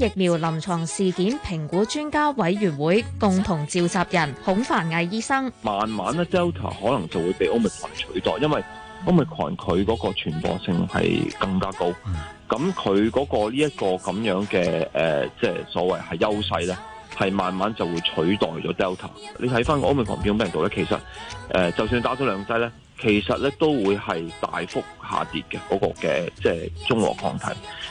疫苗臨床事件評估專家委員會共同召集人孔凡毅醫生，慢慢咧，Delta 可能就會被 Omicron 取代，因為 Omicron 佢嗰個傳播性係更加高，咁佢嗰個呢一個咁樣嘅誒、呃，即係所謂係優勢咧，係慢慢就會取代咗 Delta。你睇翻個 Omicron 片俾度做咧，其實誒、呃，就算打咗兩劑咧。其實咧都會係大幅下跌嘅嗰、那個嘅即係中和抗體，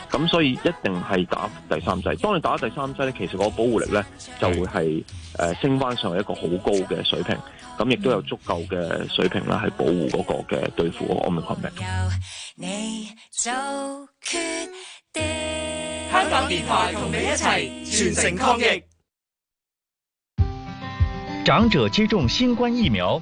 咁所以一定係打第三劑。當你打第三劑咧，其實嗰個保護力咧就會係誒、呃、升翻上一個好高嘅水平，咁亦都有足夠嘅水平啦，係保護嗰個嘅對付 Omicron 病毒。香港電台同你一齊全城抗疫，長者接種新冠疫苗。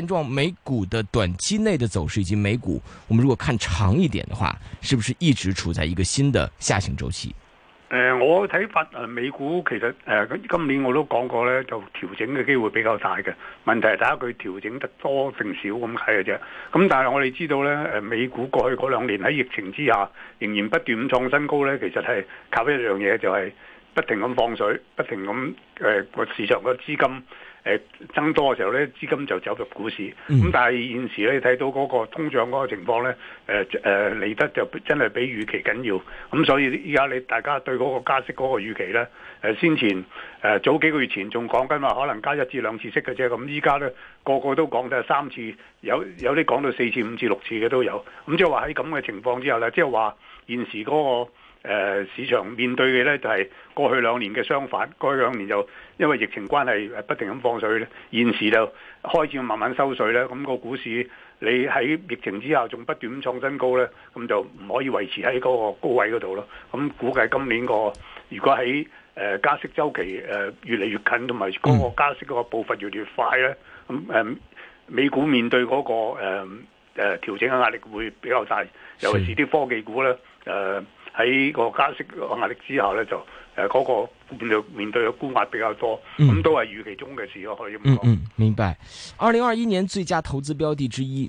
現狀，美股的短期內的走勢，以及美股，我們如果看長一點的話，是不是一直處在一個新的下行周期？誒、呃，我睇法誒，美股其實誒、呃，今年我都講過咧，就調整嘅機會比較大嘅。問題係睇下佢調整得多定少咁睇嘅啫。咁但係我哋知道咧，誒，美股過去嗰兩年喺疫情之下，仍然不斷咁創新高咧，其實係靠一樣嘢就係、是、不停咁放水，不停咁誒個市場嘅資金。誒，增多嘅時候咧，資金就走入股市。咁、嗯、但係現時咧，你睇到嗰個通脹嗰個情況咧，誒、呃、誒、嚟、呃、得就真係比預期緊要。咁所以依家你大家對嗰個加息嗰個預期咧，誒，先前誒、呃、早幾個月前仲講緊話可能加一至兩次息嘅啫。咁依家咧個個都講得三次，有有啲講到四次、五次、六次嘅都有。咁即係話喺咁嘅情況之下咧，即係話現時嗰、那個。誒市場面對嘅呢，就係、是、過去兩年嘅相反，過去兩年就因為疫情關係不停咁放水呢，現時就開始慢慢收水呢咁、那個股市你喺疫情之下仲不斷咁創新高呢，咁就唔可以維持喺嗰個高位嗰度咯。咁估計今年個如果喺誒加息周期誒越嚟越近，同埋嗰個加息嗰個步伐越嚟越快呢，咁誒美股面對嗰個誒誒調整嘅壓力會比較大，尤其是啲科技股呢。誒、呃。喺個加息的壓力之下咧，就誒嗰、呃嗰個面對面對嘅沽壓比較多，咁、嗯、都係預期中嘅事咯，我可以咁講，嗯嗯。明白。二零二一年最佳投資標的之一。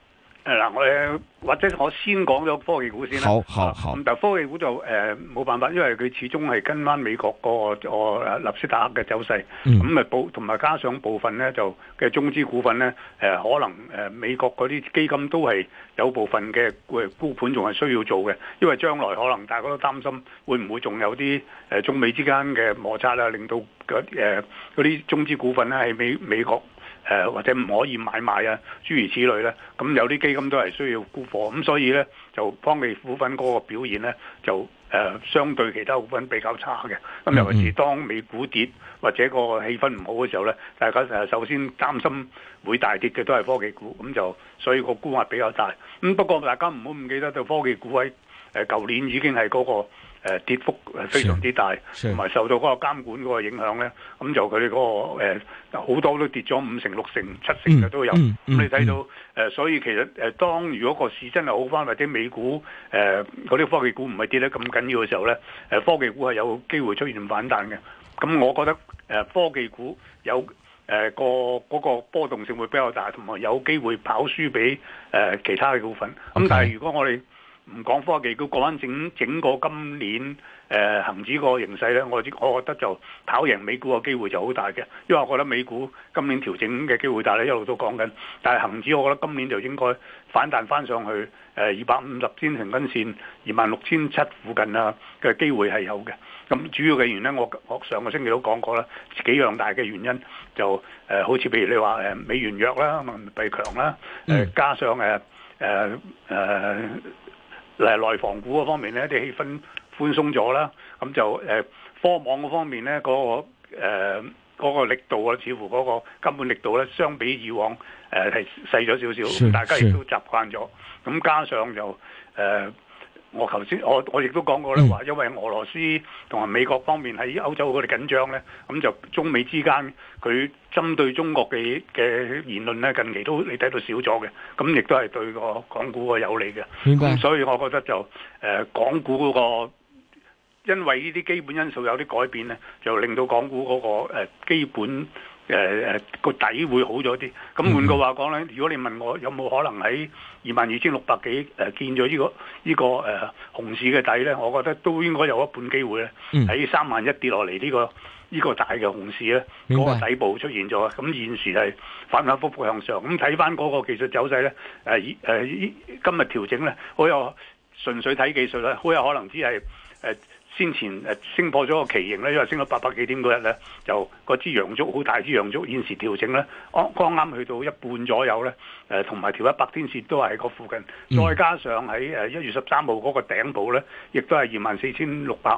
誒嗱，誒或者我先講咗科技股先啦，好，好，好。咁、啊、但係科技股就誒冇、呃、辦法，因為佢始終係跟翻美國個個納斯達克嘅走勢。咁啊部同埋加上部分咧就嘅中資股份咧，誒、呃、可能誒、呃、美國嗰啲基金都係有部分嘅誒沽盤仲係需要做嘅，因為將來可能大家都擔心會唔會仲有啲誒、呃、中美之間嘅摩擦、啊、令到誒嗰啲中資股份咧喺美美國。誒或者唔可以買賣啊，諸如此類咧。咁有啲基金都係需要沽貨，咁所以咧就科技股份嗰個表現咧就誒、呃、相對其他股份比較差嘅。咁尤其是當美股跌或者個氣氛唔好嘅時候咧，大家誒首先擔心會大跌嘅都係科技股，咁就所以個沽壓比較大。咁不過大家唔好唔記得，就科技股喺誒舊年已經係嗰、那個。誒跌幅誒非常之大，同埋受到嗰個監管嗰個影響咧，咁就佢哋嗰個好、呃、多都跌咗五成、六成、七成嘅都有。嗯嗯、你睇到誒、呃，所以其實誒、呃、當如果個市真係好翻，或者美股誒嗰啲科技股唔係跌得咁緊要嘅時候咧，誒、呃、科技股係有機會出現反彈嘅。咁我覺得誒、呃、科技股有誒、呃嗰個嗰、嗰個、波動性會比較大，同埋有，有機會跑輸俾誒、呃、其他嘅股份。咁但係如果我哋唔講科技，佢講翻整整個今年誒恆、呃、指個形勢咧，我我覺得就跑贏美股嘅機會就好大嘅，因為我覺得美股今年調整嘅機會大咧，一路都講緊。但係恒指，我覺得今年就應該反彈翻上去誒二百五十天平均線二萬六千七附近啊嘅機會係有嘅。咁主要嘅原因呢，我我上個星期都講過啦，幾樣大嘅原因就、呃、好似譬如你話、呃、美元弱啦，人民幣強啦，呃、加上、呃呃誒內房股嗰方面呢，一啲氣氛寬鬆咗啦，咁就誒、呃、科網嗰方面呢，嗰、嗰個誒、呃嗰個、力度啊，似乎嗰個根本力度咧，相比以往誒係、呃、細咗少少，大家亦都習慣咗，咁加上就誒，呃我頭先我我亦都講過咧，話因為俄羅斯同埋美國方面喺歐洲嗰度緊張咧，咁就中美之間佢針對中國嘅嘅言論咧，近期都你睇到少咗嘅，咁亦都係對個港股嘅有利嘅。咁所以我覺得就、呃、港股嗰個，因為呢啲基本因素有啲改變咧，就令到港股嗰個、呃、基本。誒個、呃、底會好咗啲，咁換句話講咧，如果你問我有冇可能喺二萬二千六百幾誒見咗呢個呢、呢個誒熊、呃、市嘅底咧，我覺得都應該有一半機會咧，喺三萬一跌落嚟呢個呢、呢個大嘅熊市咧，嗰、嗯、個底部出現咗。咁、嗯、現時係反反覆覆向上，咁睇翻嗰個技術走勢咧、呃呃，今日調整咧，好有純粹睇技術咧，好有可能只係先前誒升破咗個旗形咧，因為升到八百幾點嗰日咧，就個支陽燭，好大支陽燭，現時調整咧，剛剛啱去到一半左右咧，誒同埋條一百天線都係喺個附近，再加上喺誒一月十三號嗰個頂部咧，亦都係二萬四千六百。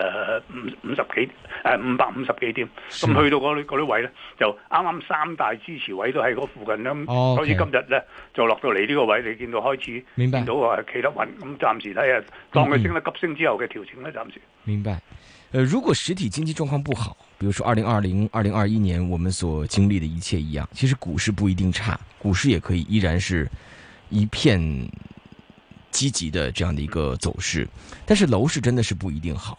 誒、呃，五五十幾誒、呃，五百五十幾點，咁、啊、去到嗰啲啲位呢，就啱啱三大支持位都喺嗰附近啦。哦，咁所以今日呢，哦 okay、就落到嚟呢個位，你見到開始見到話企白得穩，咁暫時睇下，當佢升得急升之後嘅調整呢、嗯、暫時。明白。誒、呃，如果實體經濟狀況不好，比如說二零二零、二零二一年，我們所經歷的一切一樣，其實股市不一定差，股市也可以依然是，一片，積極的這樣的一個走勢，嗯、但是樓市真的是不一定好。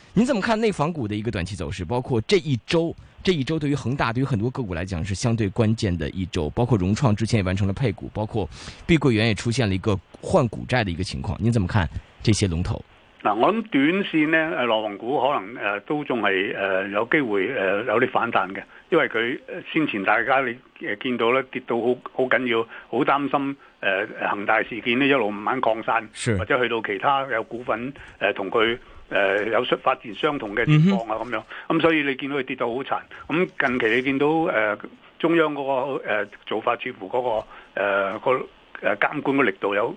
你怎麼看內房股的一個短期走勢？包括這一周，這一周對於恒大，對於很多個股來講是相對關鍵的一周。包括融創之前也完成了配股，包括碧桂園也出現了一個換股債的一個情況。你怎麼看這些龍頭？嗱、呃，我諗短線呢，誒，內房股可能、呃、都仲係、呃、有機會、呃、有啲反彈嘅，因為佢先前大家你誒見到咧跌到好好緊要，好擔心、呃、恒大事件呢，一路慢慢擴散，是或者去到其他有股份同佢。呃誒、呃、有出發展相同嘅情況啊，咁樣，咁所以你見到佢跌到好殘。咁、嗯、近期你見到誒、呃、中央嗰、嗰個誒、呃、做法，似乎嗰、嗰個誒個誒監管嘅力度有，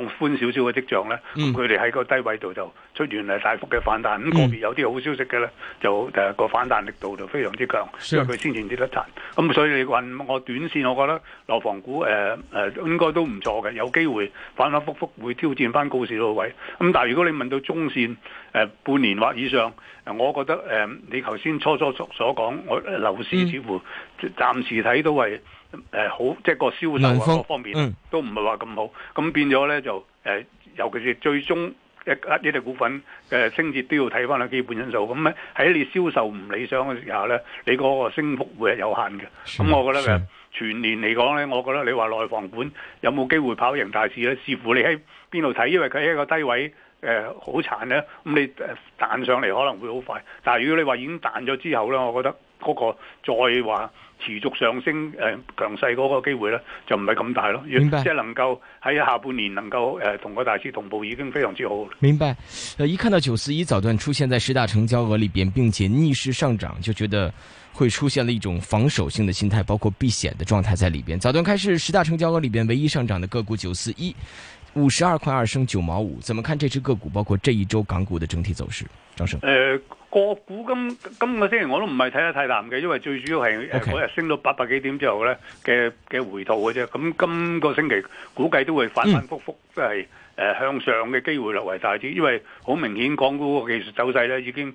放寬少少嘅跡象呢，佢哋喺個低位度就出現誒大幅嘅反彈，咁、嗯、個別有啲好消息嘅呢，就誒個、呃、反彈力度就非常之強，因為佢先前跌得殘。咁、嗯、所以你問我短線，我覺得樓房股誒誒、呃呃、應該都唔錯嘅，有機會反反覆覆會挑戰翻高市嗰個位。咁、嗯、但係如果你問到中線誒、呃、半年或以上，我覺得誒、呃、你頭先初初所講，我、呃、樓市似乎暫時睇到係。嗯呃、好，即係個銷售方面都唔係話咁好，咁變咗咧就、呃、尤其是最終一一啲股份嘅升跌都要睇翻啲基本因素。咁咧喺你銷售唔理想嘅時候咧，你嗰個升幅會係有限嘅。咁我覺得呃全年嚟講咧，我覺得你話內房股有冇機會跑贏大市咧，視乎你喺邊度睇，因為佢喺一個低位呃、好殘咧，咁、呃、你彈上嚟可能會好快。但係如果你話已經彈咗之後咧，我覺得。嗰個再話持續上升誒、呃、強勢嗰個機會呢，就唔係咁大咯。明白。即係能夠喺下半年能夠誒同個大市同步，已經非常之好。明白。誒、呃，一看到九四一早段出現在十大成交額裏邊，並且逆市上漲，就覺得會出現了一種防守性的心態，包括避險的狀態在裏邊。早段開市十大成交額裏邊唯一上漲的個股九四一五十二塊二升九毛五，怎麼看這隻個股？包括這一周港股的整體走勢，張生。誒、呃。個股，今今個星期我都唔係睇得太淡嘅，因為最主要係嗰日升到八百幾點之後咧嘅嘅回吐嘅啫。咁今個星期估計都會反反覆覆，就是，即係誒向上嘅機會略為大啲，因為好明顯港股嘅技術走勢咧已經誒誒，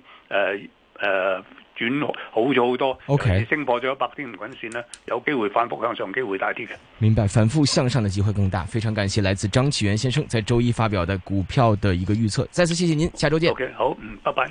呃呃，轉好咗好多，OK，升破咗一百天均線啦，有機會反覆向上機會大啲嘅。明白，反覆向上嘅機會更大。非常感謝來自張啟源先生在週一發表嘅股票嘅一個預測，再次謝謝您，下周見。Okay, 好，嗯，拜拜。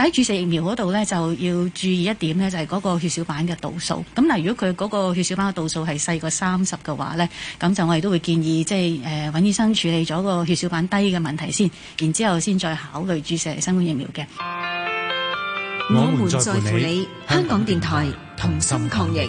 喺注射疫苗嗰度咧，就要注意一點咧，就係嗰個血小板嘅度數。咁嗱，如果佢嗰個血小板嘅度數係細過三十嘅話咧，咁就我哋都會建議，即係誒揾醫生處理咗個血小板低嘅問題先，然之後先再考慮注射新冠疫苗嘅。我們在乎你，香港電台同心抗疫。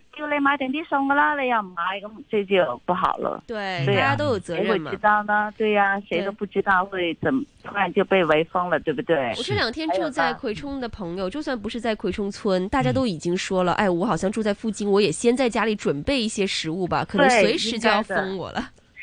叫你買定啲餸噶啦，你又唔買，咁這就不好咯。對，大家都有責任嘛。誰會知道呢？對呀，誰都不知道會怎，突然就被圍封了，對不對？我這兩天住在葵涌的朋友，就算不是在葵涌邨，大家都已經說了，哎，我好像住在附近，我也先在家裏準備一些食物吧，可能隨時就要封我了。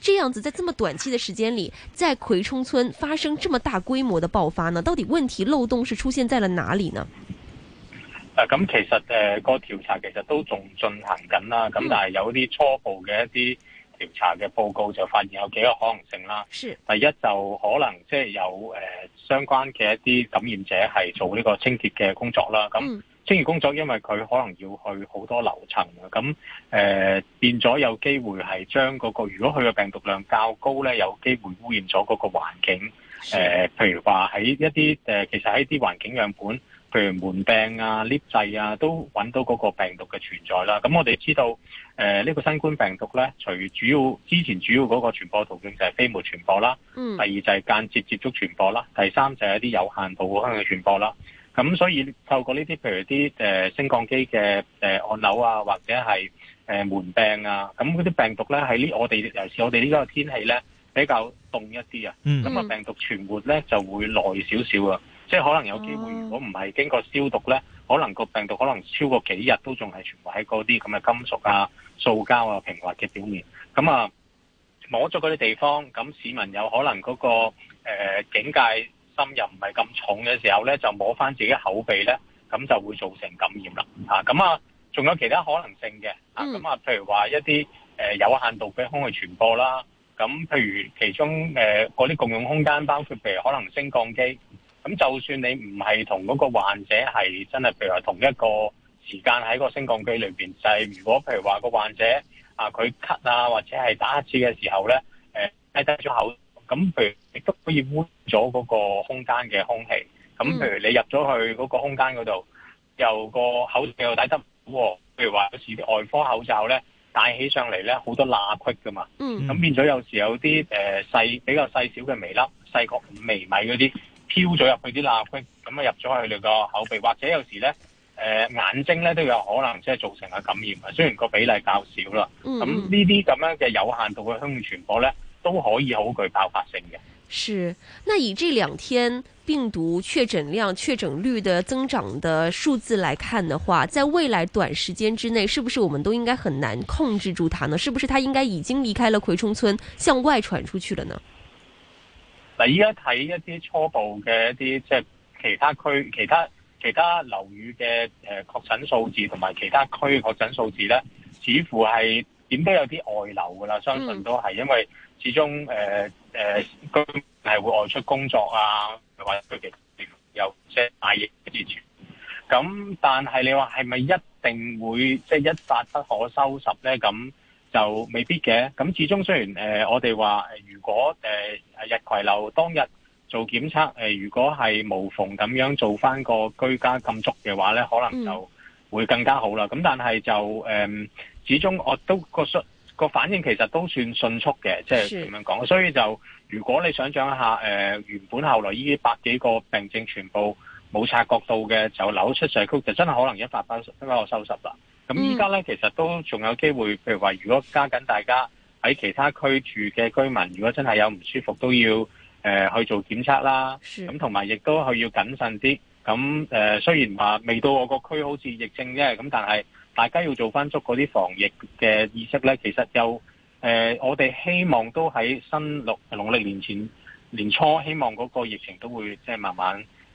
這樣子，在這麼短期的時間裏，在葵涌邨發生這麼大規模的爆發呢？到底問題漏洞是出現在了哪裏呢？咁其實誒個調查其實都仲進行緊啦，咁但係有啲初步嘅一啲調查嘅報告就發現有幾個可能性啦。是，第一就可能即係有誒相關嘅一啲感染者係做呢個清潔嘅工作啦。咁。清潔工作，因為佢可能要去好多樓層嘅，咁誒、呃、變咗有機會係將嗰個，如果佢嘅病毒量較高咧，有機會污染咗嗰個環境。誒、呃，譬如話喺一啲誒、呃，其實喺啲環境樣本，譬如門柄啊、lift 掣啊，都揾到嗰個病毒嘅存在啦。咁我哋知道，誒、呃、呢、這個新冠病毒咧，除主要之前主要嗰個傳播途徑就係飛沫傳播啦，嗯、第二就係間接接觸傳播啦，第三就係一啲有限度嘅傳播啦。咁所以透過呢啲譬如啲誒、呃、升降機嘅誒按鈕啊，或者係誒、呃、門柄啊，咁嗰啲病毒咧喺呢，我哋尤其我哋呢個天氣咧比較凍一啲啊，咁啊、嗯、病毒存活咧就會耐少少啊，即係可能有機會，嗯、如果唔係經過消毒咧，可能個病毒可能超過幾日都仲係存活喺嗰啲咁嘅金屬啊、塑膠啊、平滑嘅表面，咁啊摸咗嗰啲地方，咁市民有可能嗰、那個警戒。呃又唔係咁重嘅時候咧，就摸翻自己口鼻咧，咁就會造成感染啦。嚇咁啊，仲有其他可能性嘅。嚇、啊、咁啊，譬如話一啲誒、呃、有限度嘅空氣傳播啦。咁、啊、譬如其中誒嗰啲共用空間，包括譬如可能升降機。咁就算你唔係同嗰個患者係真係譬如話同一個時間喺個升降機裏邊，就係、是、如果譬如話個患者啊佢咳啊，或者係打乞嗤嘅時候咧，誒低咗口。咁譬如亦都可以污咗嗰個空間嘅空氣。咁譬如你入咗去嗰個空間嗰度，又、嗯、個口罩又戴得唔好。譬如話有時啲外科口罩咧戴起上嚟咧好多罅隙噶嘛。咁、嗯、變咗有時有啲誒、呃、細比較細小嘅微粒，細過五微米嗰啲，飄咗入去啲罅隙，咁啊入咗去佢哋個口鼻，或者有時咧、呃、眼睛咧都有可能即係造成嘅感染啊。雖然個比例較少啦。咁呢啲咁樣嘅有限度嘅相互傳播咧。都可以好具爆發性嘅。是，那以這兩天病毒確診量、確診率的增長的數字來看的話，在未來短時間之內，是不是我們都應該很難控制住它呢？是不是它應該已經離開了葵涌村，向外傳出去了呢？嗱，依家睇一啲初步嘅一啲即係其他區、其他其他樓宇嘅誒確診數字同埋其他區確診數字咧，似乎係點都有啲外流噶啦，相信都係因為。嗯始終誒誒、呃呃、居民係會外出工作啊，或者佢嘅有即係大疫，嗰啲傳。咁但係你話係咪一定會即係、就是、一發不可收拾咧？咁就未必嘅。咁始終雖然誒、呃、我哋話，如果誒、呃、日葵留當日做檢測，誒、呃、如果係無縫咁樣做翻個居家禁足嘅話咧，可能就會更加好啦。咁但係就誒、呃、始終我都覺得。個反應其實都算迅速嘅，即係咁樣講，是所以就如果你想像一下，呃、原本後來呢百幾個病症全部冇察覺到嘅就扭出社區，就真係可能一發不可收拾啦。咁依家咧其實都仲有機會，譬如話，如果加緊大家喺其他區住嘅居民，如果真係有唔舒服，都要誒、呃、去做檢測啦。咁同埋亦都要謹慎啲。咁、嗯、誒、呃、雖然話未到我個區好似疫症啫，咁但係。大家要做翻足嗰啲防疫嘅意識呢，其實有誒、呃，我哋希望都喺新六農曆年前年初，希望嗰個疫情都會即係慢慢。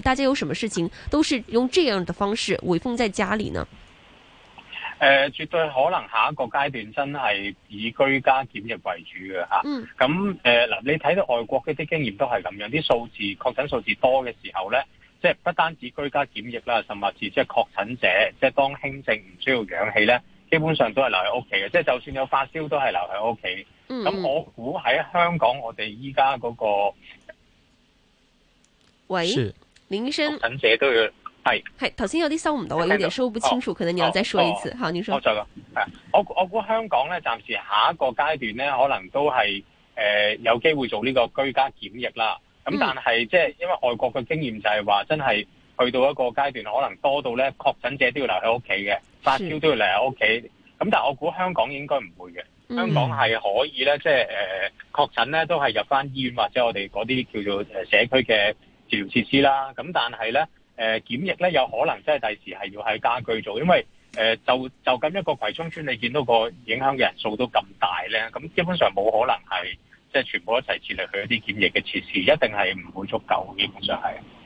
大家有什麼事情，都是用這樣的方式圍封在家裏呢？誒、呃，絕對可能下一個階段真係以居家檢疫為主嘅吓。嗯。咁誒嗱，你睇到外國嗰啲經驗都係咁樣，啲數字確診數字多嘅時候咧，即係不單止居家檢疫啦，甚至即係確診者，即係當輕症唔需要氧氣咧，基本上都係留喺屋企嘅。即係就算有發燒都係留喺屋企。嗯。咁我估喺香港，我哋依家嗰個，喂。是。林醫生，確診者都要係，係頭先有啲收唔到啊，的有啲收唔清楚，哦、可能你要再說一次，哦哦、好，你說。哦、再說我我估香港咧，暫時下一個階段咧，可能都係誒、呃、有機會做呢個居家檢疫啦。咁但係即係因為外國嘅經驗就係話，真係去到一個階段，可能多到咧確診者都要留喺屋企嘅，發燒都要留喺屋企。咁的但係我估香港應該唔會嘅，香港係可以咧，即係誒確診咧都係入翻醫院或者我哋嗰啲叫做誒社區嘅。治療設施啦，咁但係呢，誒、呃、檢疫呢有可能真係第時係要喺家居做，因為誒、呃、就就咁一個葵涌村，你見到個影響嘅人數都咁大呢，咁基本上冇可能係即係全部一齊設立佢一啲檢疫嘅設施，一定係唔會足夠，基本上係。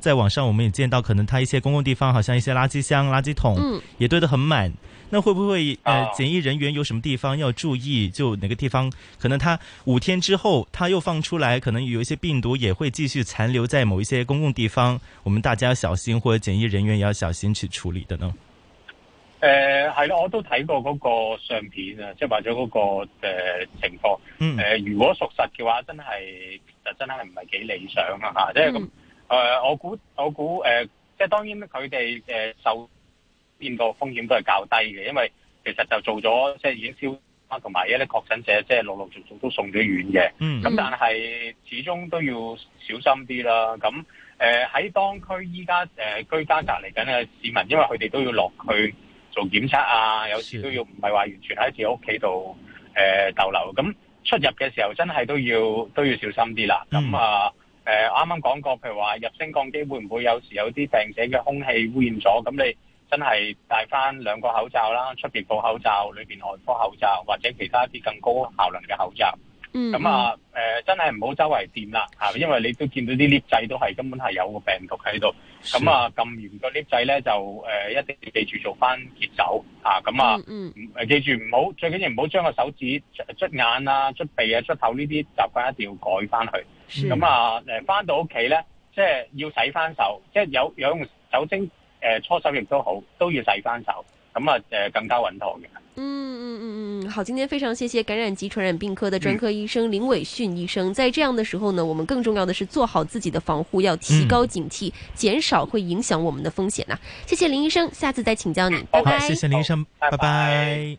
在網上我們也見到，可能他一些公共地方，好像一些垃圾箱、垃圾桶，也堆得很滿。那會不會，誒、呃，檢疫人員有什麼地方要注意？就哪個地方可能他五天之後他又放出來，可能有一些病毒也會繼續殘留在某一些公共地方，我們大家要小心，或者檢疫人員也要小心去處理的呢？呃，係啦，我都睇過嗰個相片、那個呃呃、是是是啊，即係話咗嗰個情況。如果屬實嘅話，真係，就真係唔係幾理想啊吓，即係咁。誒、呃，我估我估誒、呃，即係當然佢哋誒受邊個風險都係較低嘅，因為其實就做咗即係已經少啊，同埋一啲確診者即係陸陸續續都送咗院嘅。嗯是，咁但係始終都要小心啲啦。咁誒喺當區依家誒居家隔離緊嘅市民，因為佢哋都要落去做檢測啊，有時都要唔係話完全喺自己屋企度誒逗留。咁、呃嗯嗯、出入嘅時候真係都要都要小心啲啦。咁啊。誒啱啱講過，譬如話入升降機會唔會有時有啲病者嘅空氣污染咗？咁你真係戴翻兩個口罩啦，出邊布口罩，裏面外科口罩，或者其他一啲更高效能嘅口罩。嗯、mm。咁、hmm. 啊，呃、真係唔好周圍掂啦、啊、因為你都見到啲 𨋢 掣都係根本係有個病毒喺度。咁、mm hmm. 啊，撳完個 𨋢 掣咧就誒一定要記住做翻結走嚇。咁啊，嗯、啊。Mm hmm. 記住唔好，最緊要唔好將個手指捽眼啊、捽鼻啊、捽口呢啲習慣一定要改翻去。咁啊，誒是，翻到屋企咧，即係要洗翻手，即係有有用酒精誒搓手液都好，都要洗翻手，咁啊，誒更加穩妥嘅。嗯嗯嗯嗯好，今天非常謝謝感染及傳染病科的專科醫生林緯遜醫生。在這樣的時候呢，我們更重要的是做好自己的防護，要提高警惕，嗯、減少會影響我們的風險啊！謝謝林醫生，下次再請教你，拜拜。謝謝林醫生，好拜拜。拜拜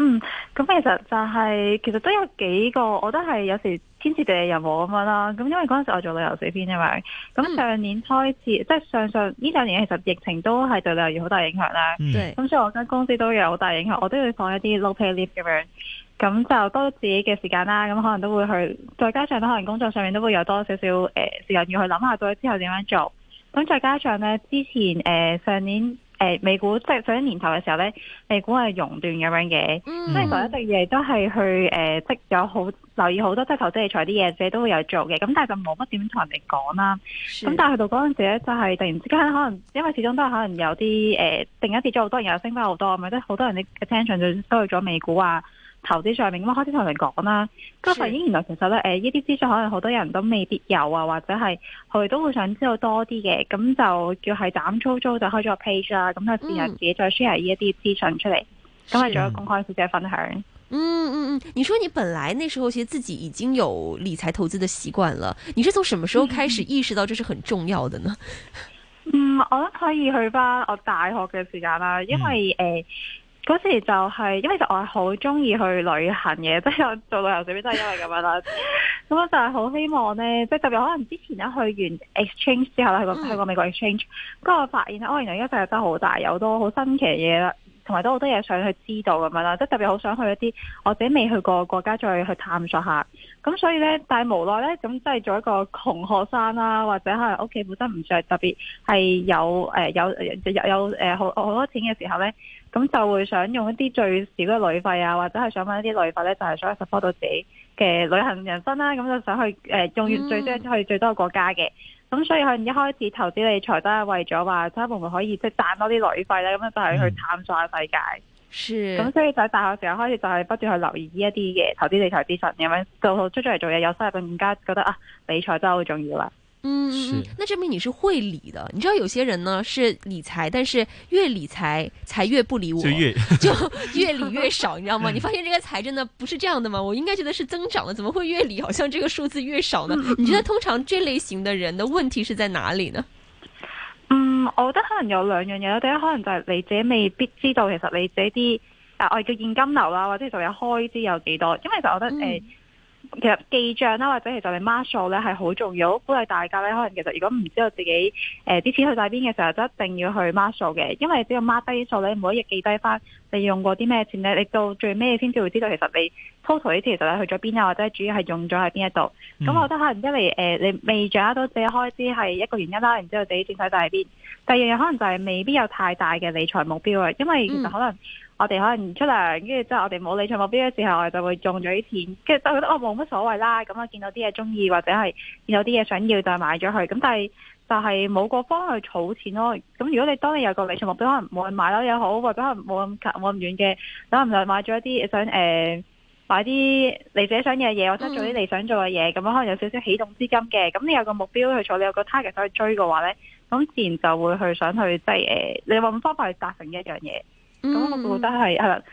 嗯，咁其實就係、是，其實都有幾個，我都係有時天時地利人和咁樣啦。咁因為嗰陣時我做旅遊小編啊嘛。咁上年開始，嗯、即係上上呢兩年，其實疫情都係對旅遊業好大影響啦。咁、嗯、所以我間公司都有好大影響，我都要放一啲 low pay leave 咁樣，咁就多自己嘅時間啦。咁可能都會去，再加上可能工作上面都會有多少少誒時間要去諗下，到咗之後點樣做。咁再加上呢，之前誒、呃、上年。誒美股即係上一年頭嘅時候咧，美股係熔斷咁樣嘅，即係我一直亦都係去誒積咗好留意好多，即係投資理財啲嘢自己都會有做嘅，咁但係佢冇乜點同人哋講啦。咁的但係去到嗰陣時咧，就係、是、突然之間可能因為始終都係可能有啲誒、呃、突然跌咗好多，人，又升翻好多，咁咪即係好多人啲 attention 就收去咗美股啊。投資上面咁開始同人講啦。咁啊，發現原來其實咧，誒是，呢啲資訊可能好多人都未必有啊，或者係佢都會想知道多啲嘅。咁就叫係膽粗粗就開咗個 page 啦。咁就試下自己再 share 呢一啲資訊出嚟，咁係、嗯、做一個公開嘅分享。啊、嗯嗯嗯，你說你本來那時候其實自己已經有理財投資嘅習慣了，你是從什麼時候開始意識到這是很重要的呢？嗯，我可以去翻我大學嘅時間啦，因為誒。嗯呃嗰時就係、是，因為其實我係好中意去旅行嘅，即、就、係、是、我做旅遊社編都係因為咁樣啦。咁 我就係好希望咧，即、就、係、是、特別可能之前咧去完 exchange 之後咧，去過去過美國 exchange，咁我發現哦，原來呢個世界真係好大，有好多好新奇嘅嘢啦。同埋都好多嘢想去知道咁樣啦，即、係、特別好想去一啲我自己未去過國家，再去探索下。咁所以呢，但係無奈呢，咁即係做一個窮學生啦、啊，或者係屋企本身唔著特別係有、呃、有有有、呃、好好多錢嘅時候呢，咁就會想用一啲最少嘅旅費啊，或者係想揾一啲旅費呢，就係、是、想 support 到自己嘅旅行人生啦、啊。咁就想去、呃、用完最多、嗯、去最多國家嘅。咁所以佢一開始投資理財都係為咗話，即係會唔會可以即係賺多啲旅費咧？咁樣就係、是、去探索下世界。嗯、是。咁所以就喺大學時候開始就係不斷去留意呢一啲嘅投資理財資訊，咁樣到出咗嚟做嘢有收入更加覺得啊，理財真係好重要啦。嗯，那證明你是會理的。你知道有些人呢是理財，但是越理財才越不理我，就越， 就越理越少，你知道嗎？你發現這個財政呢不是這樣的嗎？我應該覺得是增長的，怎麼會越理好像這個數字越少呢？你覺得通常這類型的人的問題是在哪裡呢？嗯，我覺得可能有兩樣嘢，第一，第一可能就係你自己未必知道，其實你自己啲啊，我哋叫現金流啦、啊，或者就有開支有幾多，因為其實我覺得誒。嗯其實記賬啦，或者其實你 mark 數咧，係好重要，鼓勵大家咧，可能其實如果唔知道自己誒啲、呃、錢去晒邊嘅時候，就一定要去 mark 數嘅，因為只要 mark 低啲數咧，每一日記低翻你用過啲咩錢咧，你到最尾先至會知道，其實你 total 呢次其實你去咗邊啊，或者主要係用咗喺邊一度。咁、嗯、我覺得可能因為誒你未掌握到自己開支係一個原因啦，然之後自己錢去晒邊，第二樣可能就係未必有太大嘅理財目標，因為其實可能、嗯。我哋可能唔出糧，跟住之後我哋冇理財目標嘅時候，我哋就會中咗啲錢，跟住就覺得我冇乜所謂啦。咁我見到啲嘢中意，或者係見到啲嘢想要就買咗佢。咁但係就係冇個方向去儲錢咯。咁如果你當你有個理財目標，可能冇去買樓又好，或者可能冇咁冇咁遠嘅，可能就買咗一啲想誒、呃、買啲你自己想要嘅嘢，或者做啲你想做嘅嘢，咁、嗯、可能有少少起動資金嘅。咁你有個目標去做，你有個 target 想去追嘅話咧，咁自然就會去想去即係誒，你揾方法去達成一樣嘢。咁我覺得係係啦。嗯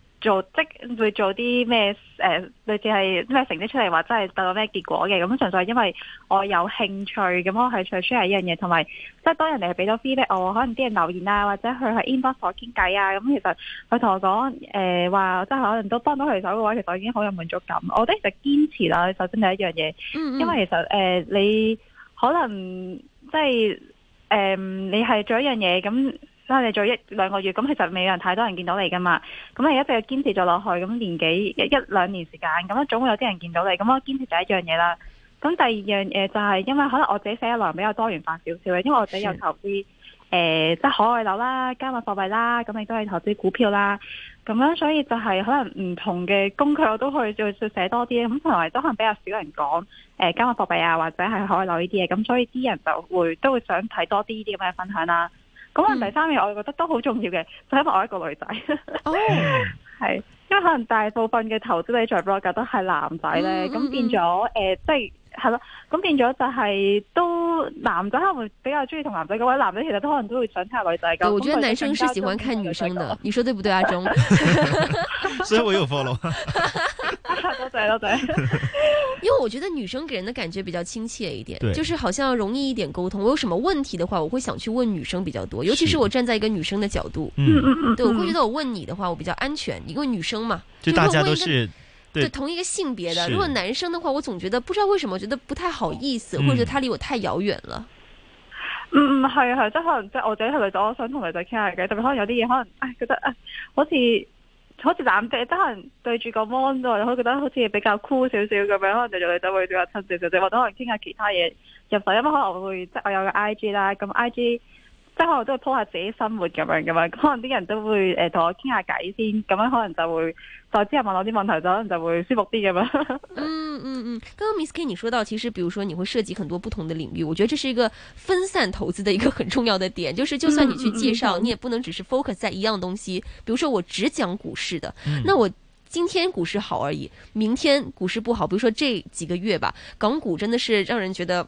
做即會做啲咩誒？類似係咩成績出嚟，或者係得到咩結果嘅？咁純粹係因為我有興趣，咁我係想 share 一樣嘢，同埋即當人哋係俾咗 feedback，我、哦、可能啲人留言啊，或者佢喺 inbox 傾偈啊，咁、嗯、其實佢同我講誒，話、呃、即係可能都幫到佢手嘅話，其實我已經好有滿足感。我覺得其實堅持啦，首先第一樣嘢，嗯嗯因為其實誒、呃、你可能即係誒、呃、你係做一樣嘢咁。嗯睇下你做一兩個月，咁其實未有人太多人見到你噶嘛。咁你一直要堅持咗落去，咁年幾一,一兩年時間，咁咧總會有啲人見到你。咁我堅持第一樣嘢啦。咁第二樣嘢就係、是、因為可能我自己寫嘅內容比較多元化少少嘅，因為我自己有投資誒是、呃，即係海外樓啦、加密貨幣啦，咁亦都係投資股票啦。咁咧，所以就係可能唔同嘅工具我都去再寫多啲。咁同埋都可能比較少人講誒、呃、加密貨幣啊，或者係海外樓呢啲嘢。咁所以啲人就會都會想睇多啲呢啲咁嘅分享啦、啊。咁啊，第三嘢我覺得都好重要嘅，嗯、就因為我一個女仔，係、哦、 因為可能大部分嘅投資者在 blog 都係男仔咧，咁、嗯、變咗誒，即係、嗯。呃即係係咯，咁 變咗就係都男仔可能比較中意同男仔講，或者男仔其實都可能都會想睇下女仔咁。對我覺得男生是喜歡看女生的，生的你說對不對阿中，所以我有 follow。對 多謝，多謝 因為我覺得女生給人的感覺比較親切一點，對就是好像容易一點溝通。我有什麼問題的話，我會想去問女生比較多，尤其是我站在一個女生的角度，是 對，我會覺得我問你的話，我比較安全，因為女生嘛，就大家都是。對，對同一個性別嘅，是如果男生嘅話，我總覺得不知道為什麼覺得不太好意思，嗯、或者他離我太遙遠了。嗯嗯係啊係，即係可能即係我自己係女仔？我想同佢再傾下偈，特別可能有啲嘢可能，唉、哎、覺得，哎、覺得啊，好似好似男仔得閒對住個 mon 啫，可能覺得好似比較酷少少咁樣，可能對住女仔會比較親少少，或者可能傾下其他嘢。入手因為可能我會即係我有個 I G 啦，咁 I G。可能都會拖下自己生活咁樣噶嘛，可能啲人都會誒同、呃、我傾下偈先，咁樣可能就會再之後問我啲問題就可能就會舒服啲咁樣。嗯嗯嗯，剛剛 Miss K 你說到，其實比如說你會涉及很多不同的領域，我覺得這是一個分散投資的一個很重要的點，就是就算你去介紹，嗯嗯、你也不能只是 focus 在一樣東西，比如說我只講股市的，嗯、那我今天股市好而已，明天股市不好，比如說這幾個月吧，港股真的是讓人覺得。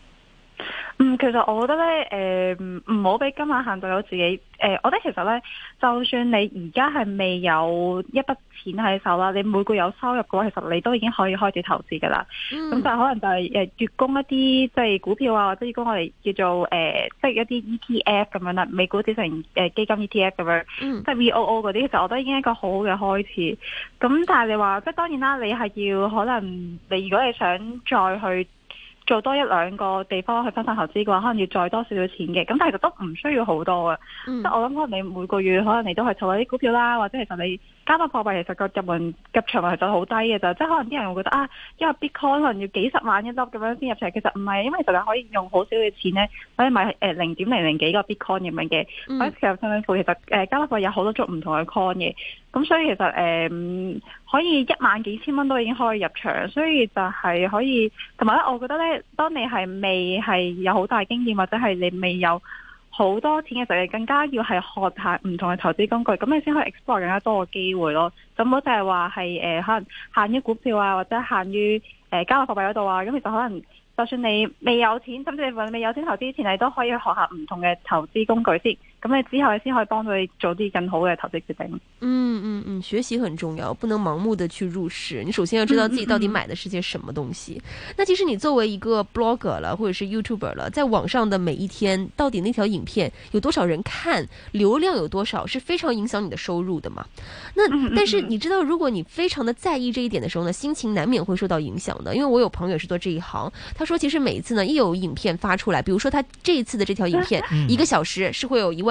嗯，其實我覺得咧，誒、呃，唔好俾今晚限制到自己。誒、呃，我覺得其實咧，就算你而家係未有一筆錢喺手啦，你每個月有收入嘅話，其實你都已經可以開始投資噶啦。咁但係可能就係誒，月供一啲即係股票啊，或者月供我哋叫做誒，即、呃、係、就是、一啲 ETF 咁樣啦，美股啲成誒、呃、基金 ETF 咁樣，即係、嗯、V O O 嗰啲，其實我覺得已經係一個好好嘅開始。咁但係你話，即係當然啦，你係要可能，你如果你想再去。做多一兩個地方去分散投資嘅話，可能要再多少少錢嘅，咁但係其實都唔需要好多嘅。嗯，我諗可能你每個月可能你都係湊下啲股票啦，或者其實你。加密貨幣其實個入門入場位就好低嘅啫，即係可能啲人會覺得啊，因為 bitcoin 可能要幾十萬一粒咁樣先入場，其實唔係，因為其實你可以用好少嘅錢咧，可以買誒零點零零幾個 bitcoin 咁樣嘅，或者其實上邊付，其實誒加密貨，加密貨有好多種唔同嘅 coin 嘅，咁所以其實誒、嗯、可以一萬幾千蚊都已經可以入場，所以就係可以，同埋咧，我覺得咧，當你係未係有好大經驗或者係你未有。好多錢嘅時候，你更加要係學下唔同嘅投資工具，咁你先可以 explore 更加多嘅機會咯。咁唔好就係話係誒可能限於股票啊，或者限於誒、呃、加密貨幣嗰度啊。咁其實可能就算你未有錢，甚至你未有錢投資前，你都可以去學下唔同嘅投資工具先。咁你之後先可以幫佢做啲更好嘅投資決定。嗯嗯嗯，學習很重要，不能盲目的去入市。你首先要知道自己到底買的是些什麼東西。嗯嗯、那其實你作為一個 Blogger 了，或者是 YouTuber 了，在網上的每一天，到底那條影片有多少人看，流量有多少，是非常影響你的收入的嘛？那但是你知道，如果你非常的在意這一點的時候呢，心情難免會受到影響的。因為我有朋友是做這一行，他說其實每一次呢，一有影片發出來，比如說他這一次的這條影片，嗯、一個小時是會有一萬。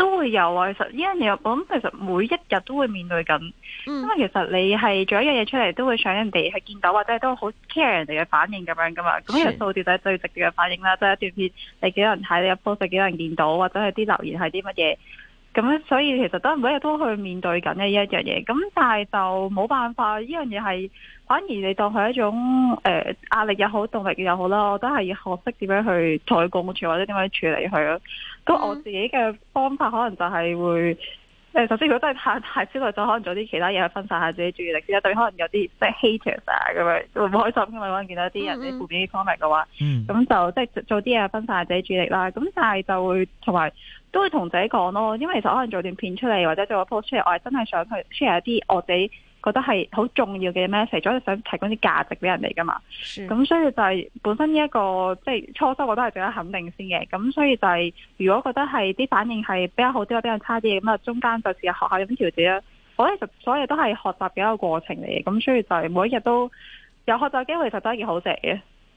都會有啊！其實呢樣嘢，我諗其實每一日都會面對緊，嗯、因為其實你係做一樣嘢出嚟，都會想人哋係見到，或者都好 care 人哋嘅反應咁樣噶嘛。咁呢個數字就係最直接嘅反應啦，即係一段片，你幾多人睇你嘅 post，幾多人見到，或者係啲留言係啲乜嘢。咁所以其實都係每日都去面對緊嘅呢一樣嘢。咁但係就冇辦法，呢樣嘢係反而你當佢係一種誒、呃、壓力又好，動力又好啦。我都係要學識點樣去同佢共處，或者點樣處理佢咯。咁、嗯、我自己嘅方法可能就係會。誒、呃，首先如果真係太太焦慮咗，可能做啲其他嘢去分散下自己注意力，即係對可能有啲即係 hater 啊咁樣，會唔開心嘅嘛？可能見到啲人喺負面呢方面嘅話，咁、mm hmm. 就即係做啲嘢去分散下自己注意力啦。咁但係就會同埋都會同自己講咯，因為其實可能做段片出嚟，或者做個 post 出嚟，我係真係想去 share 一啲我自己。覺得係好重要嘅 message，所以想提供啲價值俾人嚟噶嘛。咁的所以就係本身呢、這、一個即係初心，我都係值得肯定先嘅。咁所以就係如果覺得係啲反應係比較好啲或者差啲嘅，咁啊中間就試下學校咁調節啦。我其實所有都係學習嘅一個過程嚟嘅，咁所以就係每一日都有學習機會，就都係一件好事嘅。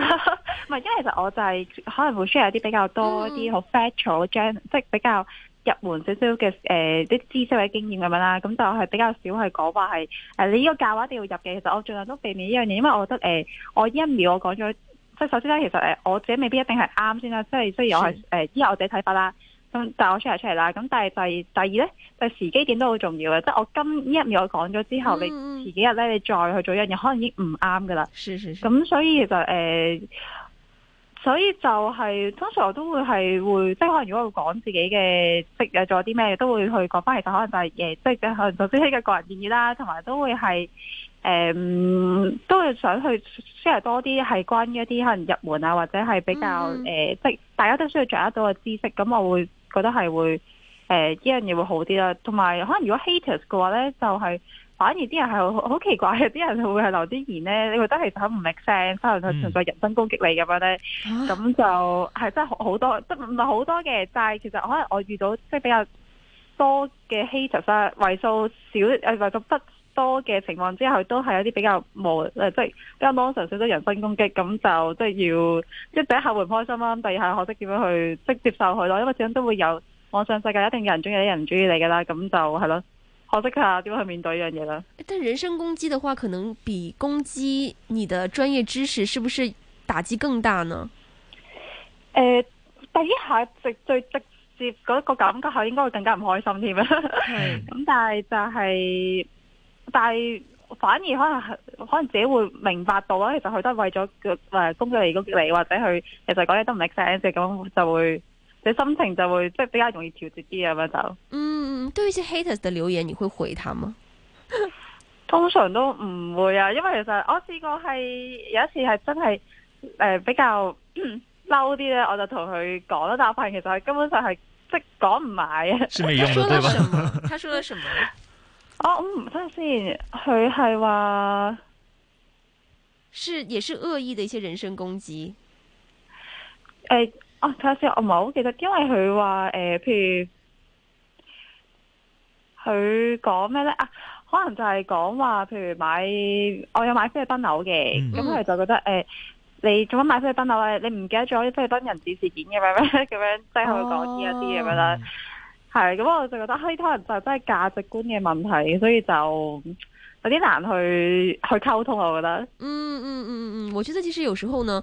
唔係， 因為其實我就係可能會 share 一啲比較多啲好 factual，嘅，即係比較入門少少嘅誒啲知識或者經驗咁樣啦。咁就係比較少係講話係誒你呢個價話一定要入嘅。其實我儘量都避免呢樣嘢，因為我覺得誒、呃、我一秒我講咗即係首先咧，其實誒我自己未必一定係啱先啦。即係雖然我係誒依我自己睇法啦。咁但係我 share 出嚟啦，咁但係第第二咧，就時機點都好重要嘅，即係我今呢一秒我講咗之後，嗯、你遲幾日咧，你再去做一樣嘢，可能已經唔啱噶啦。是是咁所以其實誒，所以就係、是、通常我都會係會，即係可能如果我會講自己嘅即嘅，做啲咩，都會去講翻。其實可能就係、是、即係可能就自己嘅個人建議啦，同埋都會係誒、呃，都會想去 share 多啲係關於一啲可能入門啊，或者係比較誒、嗯呃，即係大家都需要掌握到嘅知識。咁我會。覺得係會誒呢樣嘢會好啲啦，同埋可能如果 haters 嘅話呢，就係、是、反而啲人係好奇怪嘅，啲人會係留啲言呢，你覺得係好唔 make sense，可能佢存在人身攻擊你咁樣呢。咁、啊、就係真係好多，唔係好多嘅，但係其實可能我遇到即係比較多嘅 haters 啊，為數少，誒，為數不多嘅情況之下，都係有啲比較無誒，即係比較單純，少咗人身攻擊，咁就即係要即係第一下會唔開心啦，第二下學識點樣去即接受佢咯，因為始終都會有網上世界一定有人中意，有啲人唔中意你噶啦，咁就係咯，學識下點樣去面對一樣嘢啦。但人身攻擊嘅話，可能比攻擊你的專業知識，是不是打擊更大呢？誒、呃，第一下直最直接嗰個感覺下，應該會更加唔開心添啊。咁、mm. 但係就係、是。但係反而可能可能自己會明白到啦，其實佢都係為咗誒工作嚟嗰嚟，或者佢其實講嘢都唔 exactly 咁，就會你心情就會即係比較容易調節啲咁嘛就嗯，對於一些 haters 的留言，你會回他嗎？ 通常都唔會啊，因為其實我試過係有一次係真係誒、呃、比較嬲啲咧，我就同佢講啦，但係發現其實佢根本上係即係講唔埋啊。是沒用的。他說了什麼？他說了什麼？ 哦，我唔等下先，佢係話，是，是也是惡意的一些人身攻擊。誒、哎，哦，睇下先，我唔係好記得，因為佢話誒，譬如佢講咩咧？啊，可能就係講話，譬如買，我有買菲律賓樓嘅，咁佢、嗯、就覺得誒、呃，你做乜買菲律賓樓咧？你唔記得咗菲律賓人質事件嘅咩咩咁樣，即係佢講呢一啲咁樣啦。哦係，咁我就覺得，可能就真係價值觀嘅問題，所以就有啲難去去溝通，我覺得。嗯嗯嗯嗯，我覺得其實有時候呢。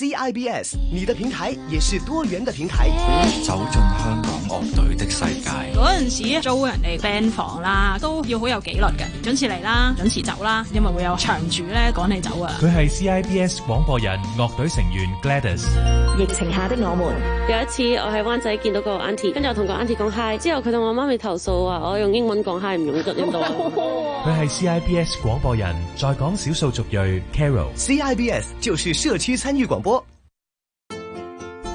CIBS 你的平台也是多元的平台。走進香港樂隊的世界。嗰陣時租人哋 band 房啦，都要好有紀律嘅，準時嚟啦，準時走啦，因為會有場主咧趕你走啊。佢係 CIBS 廣播人，樂隊成員 Gladys。疫情下的我們，有一次我喺灣仔見到個 u n c y 跟住我同個 u n c y 講 h 之後佢同我媽咪投訴啊，我用英文講嗨唔用得。文佢係 CIBS 廣播人，在講少數族裔 Carol。CIBS 就是社區參與廣播。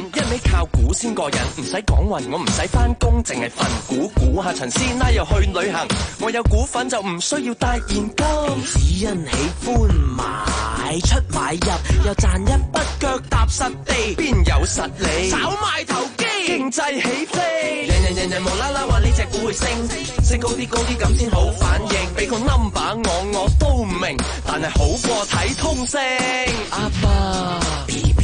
一味靠股先過癮，唔使講運，我唔使翻工，淨係份估估。下、啊、陳師奶又去旅行，我有股份就唔需要帶現金，只因喜歡買出買入，又賺一筆，腳踏實地，邊有實力炒賣投機，經濟起飛。人人人人無啦啦話呢隻股會升，升高啲高啲咁先好反應，俾個冧巴我我都唔明，但係好過睇通聲。阿爸，爸。皮皮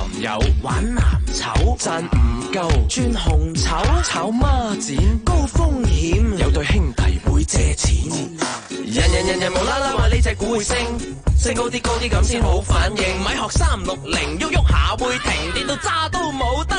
有玩藍籌賺唔夠，轉紅籌炒孖展，高風險。有對兄弟會借錢。人人人人無啦啦話呢隻股會升，升高啲高啲咁先好反應。咪學三六零，喐喐下會停，跌到渣都冇。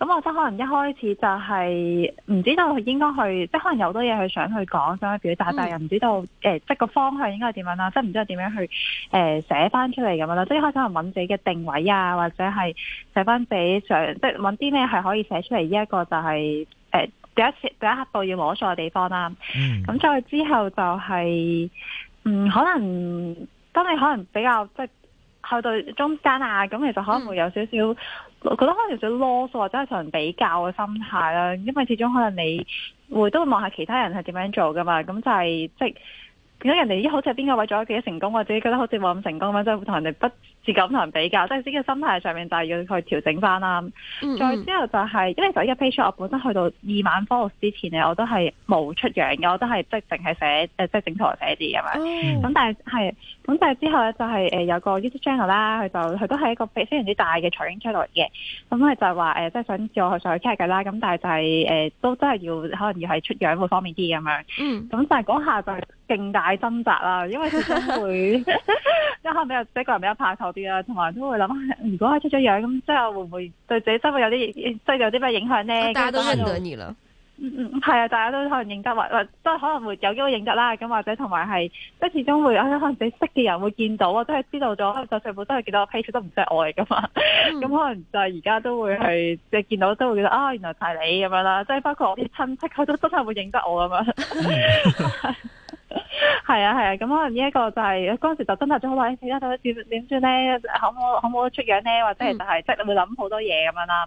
咁我覺得可能一開始就係唔知道應該去，即係可能有好多嘢去想去講、想去表達，嗯、但係又唔知道、呃、即係個方向應該係點樣啦，即係唔知道點樣去、呃、寫翻出嚟咁樣啦。即係一開始可能揾自己嘅定位啊，或者係寫翻自己想，即係揾啲咩係可以寫出嚟。呢一個就係、是、誒、呃、第一次第一刻要摸索嘅地方啦、啊。咁、嗯、再之後就係、是、嗯，可能當你可能比較即係去到中間啊，咁其實可能會有少少。嗯我覺得可能有啲囉嗦，或者係同人比較嘅心態啦。因為始終可能你會都會望下其他人係點樣做噶嘛。咁就係即係見到人哋依好似係邊個位做得幾成功，或者覺得好似冇咁成功咁樣，即係會同人哋不。咁同人比較，即係自己嘅心態上面，就係要去調整翻啦。嗯、再之後就係、是，因為就呢個 page 出，我本身去到二萬 followers 之前咧，我都係冇出樣嘅，我都係即係淨係寫，誒即係整台寫字咁嘛。咁、嗯、但係係，咁但係之後咧就係、是、誒、呃、有個 YouTube channel 啦，佢就佢都係一個非常之大嘅財經 channel 嚟嘅，咁、嗯、佢就話、是、誒、呃、即係想叫我去上去 check 嘅啦。咁但係就係、是、誒、呃、都真係要可能要係出樣會方便啲咁樣。咁但係嗰下就勁大掙扎啦，因為都想會，即可能屘又即係個人又怕投。同埋都會諗，如果我出咗樣咁，之後會唔會對自己生活有啲即係有啲咩影響呢？大、嗯嗯，大家都認得你啦，嗯嗯，係啊，大家都可能認得或或，即係可能會有機會認得啦，咁或者同埋係即係始終會，可能你識嘅人會見到啊，即係知道咗，就全部都係見到個 page 都唔識我嚟噶嘛，咁、嗯、可能就而家都會係即係見到都會覺得啊、哦，原來係你咁樣啦，即係包括我啲親戚，佢都真係會認得我咁樣。 係啊係啊，咁、啊、可能呢一個就係、是、嗰、那個、時就真係好話，到底點點算咧，可冇可冇出樣咧，或者就係即係你會諗好多嘢咁樣啦。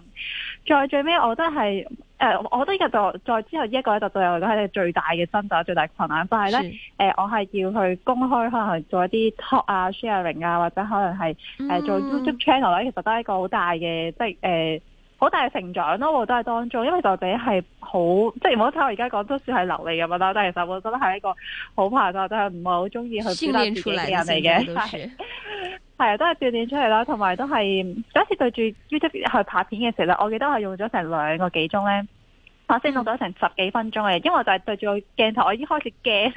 再最尾我都係誒，我覺得就再之後，呢一個咧就對我嚟講係最大嘅掙扎，最大困難。但係咧誒，我係要去公開，可能做一啲 talk 啊、sharing 啊，或者可能係誒、呃、做 YouTube channel 咧、啊，嗯、其實都係一個好大嘅，即係誒。呃好大成長囉，咯，都係當中，因為到底係好，即係唔好睇我而家講都算係流利㗎嘛。但係其實我覺得係一個好怕嘅，真係唔係好鍾意去訓練出嚟嘅，係係啊，都係鍛鍊出嚟啦，同埋都係第一次對住 y o U t u b e 去拍片嘅時候，我記得係用咗成兩個幾鐘呢。 先錄咗成十幾分鐘嘅，因為我就係對住鏡頭，我已經開始驚，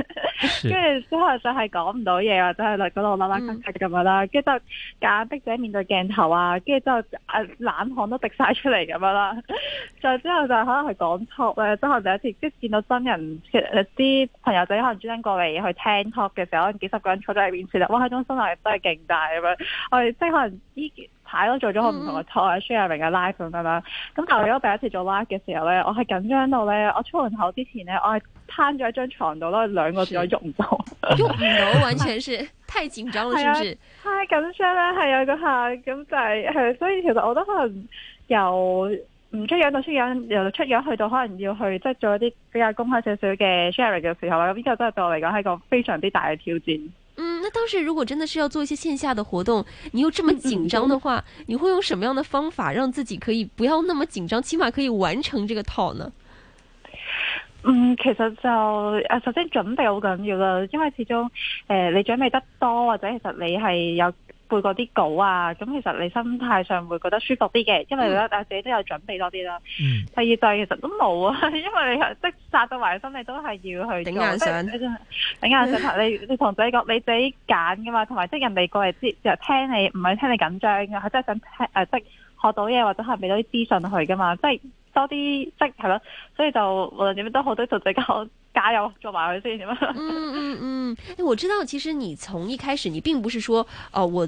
跟住之後就係講唔到嘢啊，都係喺嗰度拉拉緊掣咁樣啦，跟住就後揀筆仔面對鏡頭啊，跟住之後啊冷汗都滴晒出嚟咁樣啦，再之後就、呃、就可能係講 talk 咧，之後第一次即係見到真人，啲朋友仔可能專登過嚟去聽 talk 嘅時候，可能幾十個人坐咗喺面前，其實哇，嗰種心壓力都係勁大咁樣，我哋即係可能啲。睇咯，做咗唔同嘅台啊，sharing 啊 live 咁樣樣。咁但係如果第一次做 live 嘅時候咧，我係緊張到咧，我出門口之前咧，我係攤咗喺張床度咯，兩個字我喐唔到，喐唔到， 完全是 太緊張啦，是太緊張咧，係有個客。咁就係、是、係、啊。所以其實我都可能由唔出樣到出樣，由出樣去到可能要去即係做一啲比較公開少少嘅 sharing 嘅時候啦。咁呢個真係對我嚟講係一個非常之大嘅挑戰。但當時如果真的是要做一些線下的活動，你又這麼緊張的話，你會用什麼樣的方法讓自己可以不要那麼緊張，起碼可以完成這個套呢？嗯，其實就啊，首先準備好緊要啦，因為始終誒、呃、你準備得多，或者其實你係有。背啲稿啊，咁其實你心態上會覺得舒服啲嘅，因為咧自己都有準備多啲啦。嗯、第二就係其實都冇啊，因為你即係殺到埋心，你都係要去做頂。頂眼想。頂眼想你，你同仔講，你自己揀噶嘛，同埋即係人哋過嚟啲，就聽你，唔係聽你緊張㗎。佢真係想誒即係學到嘢或者係俾到啲資訊佢噶嘛，即多啲即係咯，所以就無論點樣都好都同大家好加油做埋佢先，點樣。嗯嗯嗯嗯，誒，我知道，其實你從一開始你並不是說，哦、呃，我。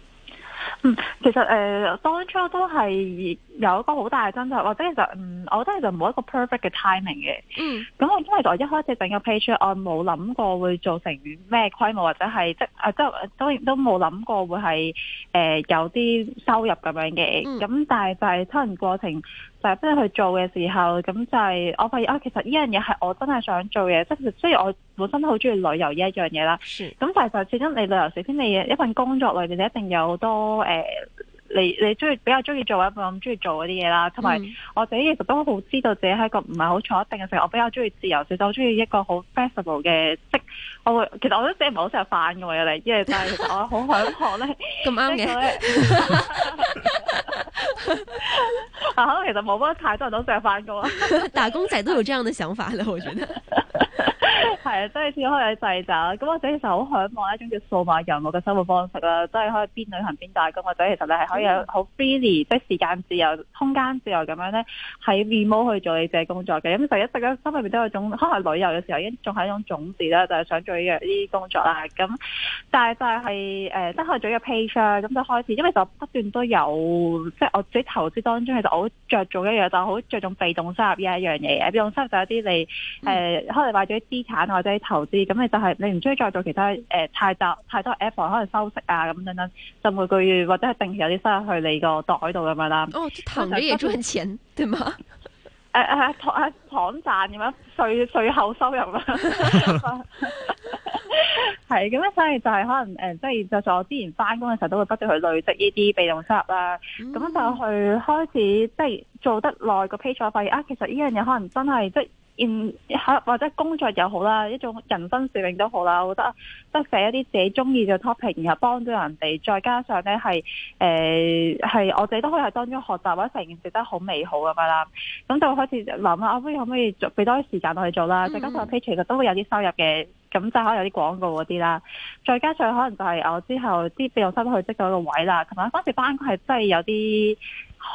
嗯，其實誒、呃，當初都係有一個好大嘅掙扎，或者其實嗯，我覺得其實冇一個 perfect 嘅 timing 嘅。嗯，咁我因為我一開始整個 page，我冇諗過會做成咩規模，或者係即誒即當然都冇諗過會係誒、呃、有啲收入咁樣嘅。嗯，咁但係就係抽人過程。就真係去做嘅時候，咁就係我發現啊，其實呢樣嘢係我真係想做嘅，即係雖然我本身都好中意旅遊呢一樣嘢啦。咁但係就係始終你旅遊時先，你一份工作裏面你一定有好多誒。欸你你中意比較中意做或者冇咁中意做嗰啲嘢啦，同埋我自己其實都好知道自己係一個唔係好坐一定嘅成，我比較中意自由，所以喜歡一個我會，其實我中意一個好 flexible 嘅即，我會其實我都真係唔係好返工嘅喎你，因為但係我好想學咧，咁啱嘅，啊，其實冇乜太多人都返工嘅喎， 打工仔都有這樣嘅想法咧，我覺得。係 啊，即係先開始製作。咁我仔其實好向往一種叫數碼游牧嘅生活方式啦。即係可以邊旅行邊打工。我仔其實你係可以有好 freely 即係時間自由、空間自由咁樣咧，喺面 e 去做你自己工作嘅。咁就一直咧心入邊都有種，可能旅遊嘅時候已經種係一種種子啦，就係、是、想做呢樣呢工作啦。咁但係就係誒新開咗一個 page 咁就開始，因為就不斷都有即係、就是、我自己投資當中，其實我好着重一樣，就好、是、着重被動收入呢一樣嘢。被動收入就係一啲你，誒、呃，嗯、可能買咗啲產或者投資，咁你就係你唔鍾意再做其他誒、呃、太，太多太多 a p p e 可能收息啊咁等等，就每個月或者係定期有啲收入去你個袋度咁樣啦。哦，躺着也賺錢，對嗎？誒誒、呃，躺躺賺咁樣稅稅後收入啦，係咁樣，所以就係可能誒，即、呃、係就在、是、我之前返工嘅時候都會不斷去累積呢啲被動收入啦，咁、嗯、就去開始即係。就是做得耐個 page 我發現啊，其實呢樣嘢可能真係即係，或者工作又好啦，一種人生使命都好啦，我覺得即係寫一啲自己中意嘅 topic，然後幫到人哋，再加上咧係誒係我哋都可以喺當中學習或者成件事得好美好咁樣啦。咁就開始諗啊，可唔可,可以做俾多啲時間去做啦？再加上 page 其實都會有啲收入嘅，咁就可能有啲廣告嗰啲啦。再加上可能就係、是、我之後啲費用收得去積咗個位啦。同埋當時班係真係有啲。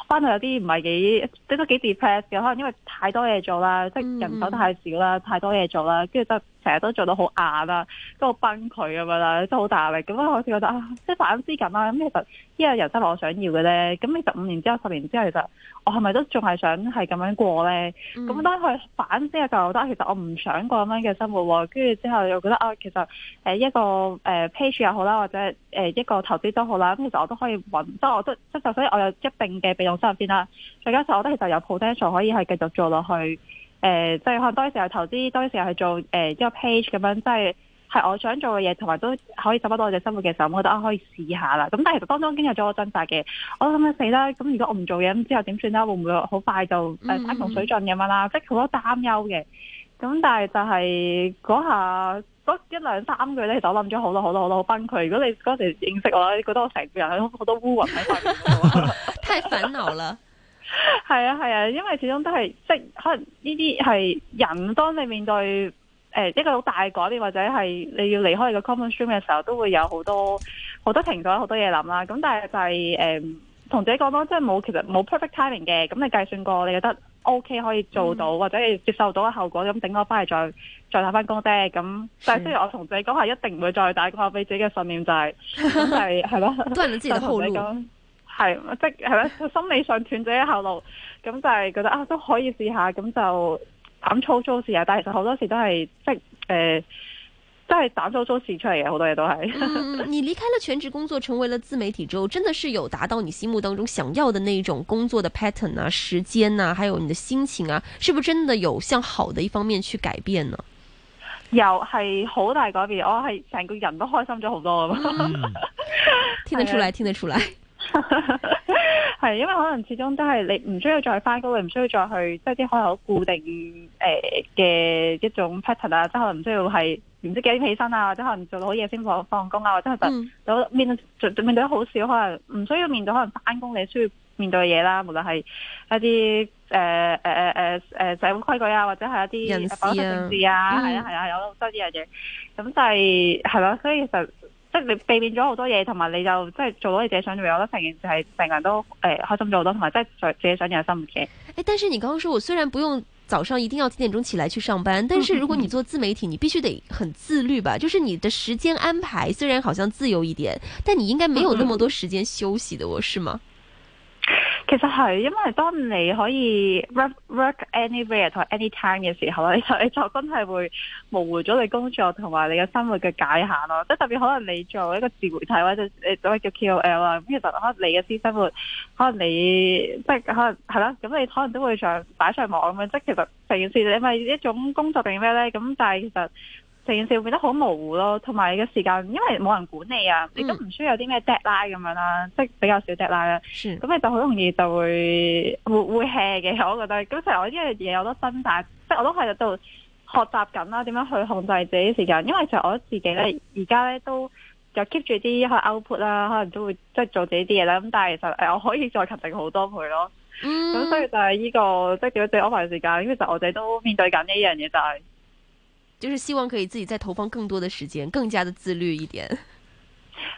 翻去有啲唔係幾，即係都幾 depressed 嘅，可能因為太多嘢做啦，嗯、即係人手太少啦，太多嘢做啦，跟住得。成日都做得好硬啦，都好崩潰咁樣啦，都好大力咁樣，好似覺得啊，即反思緊啦。咁其實呢個人生我想要嘅咧，咁其實五年之後、十年之後，其實我係咪都仲係想係咁樣過咧？咁、嗯、當佢反思嘅時候，就覺得其實我唔想過咁樣嘅生活喎。跟住之後又覺得啊，其實誒一個誒 page 又好啦，或者誒一個投資都好啦，咁其實我都可以揾，即我都即就所以我有一定嘅備用收入先啦。再加上我都其實有 potential 可以係繼續做落去。誒，即係看多啲時候投資，多啲時候去做誒一、呃這個 page 咁樣，即係係我想做嘅嘢，同埋都可以執翻到我嘅生活嘅時候，我覺得可以試下啦。咁但係當中經歷咗個掙扎嘅，我諗緊死啦。咁如果我唔做嘢，咁之後點算啦？會唔會好快就山窮、嗯嗯、水盡咁樣啦？即係好多擔憂嘅。咁但係就係、是、嗰下嗰一兩三句個其實咧，我諗咗好多好多好多好，好好崩潰。如果你嗰時認識我，你覺得我成個人係好多烏雲喺度。 太煩惱了。 係啊，係啊，因為始終都係，即係可能呢啲係人。當你面對誒、呃、一個好大的改變，或者係你要離開個 common stream 嘅時候，都會有好多好多情緒，好多嘢諗啦。咁但係就係誒同自己講咯，即係冇其實冇 perfect timing 嘅。咁你計算過，你覺得 OK 可以做到，嗯、或者你接受到嘅後果，咁頂多翻嚟再再打翻工啫。咁是但係雖然我同自己講係一定唔會再打工，我俾自己嘅信念，就係係係咯，斷咗自己嘅係，即係心理上斷咗一條路，咁就係覺得啊，都可以試下，咁就膽粗粗試下。但係其實好多時都係，即誒、呃，都係膽粗粗試出嚟嘅，好多嘢都係、嗯。你離開了全職工作，成為了自媒體之後，真的是有達到你心目當中想要的那一種工作的 pattern 啊，時間啊，還有你的心情啊，是不是真的有向好的一方面去改變呢？有係好大改變，我係成個人都開心咗好多噶嘛、嗯， 聽得出來，的聽得出來。係， 因為可能始終都係你唔、就是、需要再翻工，你唔需要再去即係啲可能好固定誒嘅一種 pattern 啊，即係可能唔需要係唔知幾點起身啊，或者可能做到好夜先放放工啊，或者實都面面對好少，可能唔需要面對可能翻工你需要面對嘅嘢啦，無論係一啲誒誒誒誒誒社會規矩啊，或者係一啲、啊、人事啊，係啊係啊，有好多啲嘢咁就係係咯，所以其實。即係你避免咗好多嘢，同埋你就即係做到你自己想嘅嘢。我覺得成件事係成日都誒、哎、開心咗好多，同埋即係自己想嘅嘢心嘅。誒，但是你剛剛說，我雖然不用早上一定要幾點鐘起來去上班，但是如果你做自媒體，你必須得很自律吧？嗯嗯，就是你的時間安排雖然好像自由一點，但你應該沒有那麼多時間休息的，我是嗎？嗯嗯其實係，因為當你可以 work work anywhere 同 anytime 嘅時候咧，就就真係會模糊咗你工作同埋你嘅生活嘅界限咯。即係特別可能你做一個自媒體或者誒所謂叫 KOL 啊，咁其實可能你嘅私生活，可能你即係可能係啦，咁你可能都會上擺上網咁樣。即係其實平時你咪一種工作定咩咧？咁但係其實。成件事會變得好模糊咯，同埋嘅時間，因為冇人管你啊，你都唔需要有啲咩 deadline 咁樣啦、嗯，即係比較少 deadline 啦是。咁咪就好容易就會會會 hea 嘅，我覺得。咁其實我呢樣嘢有得多新嘅，即係我都係喺度學習緊啦，點樣去控制自己時間。因為其實我自己咧，而家咧都就 keep 住啲去 output 啦，可能都會即係做自己啲嘢啦。咁但係其實誒，我可以再勤力好多倍咯。咁、嗯、所以就係呢、這個即係點樣去安排時間。因為其實我哋都面對緊呢一樣嘢就係。就是希望可以自己再投放更多的時間，更加的自律一點。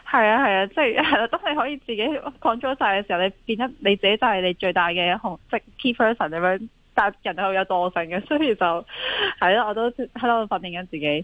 係啊，係啊，即係、係啊，當你可以自己 control 晒嘅時候，你變得你自己就係你最大嘅控，即係 key person 咁樣。但係人好有惰性嘅，所以就係咯、啊，我都喺度訓練緊自己。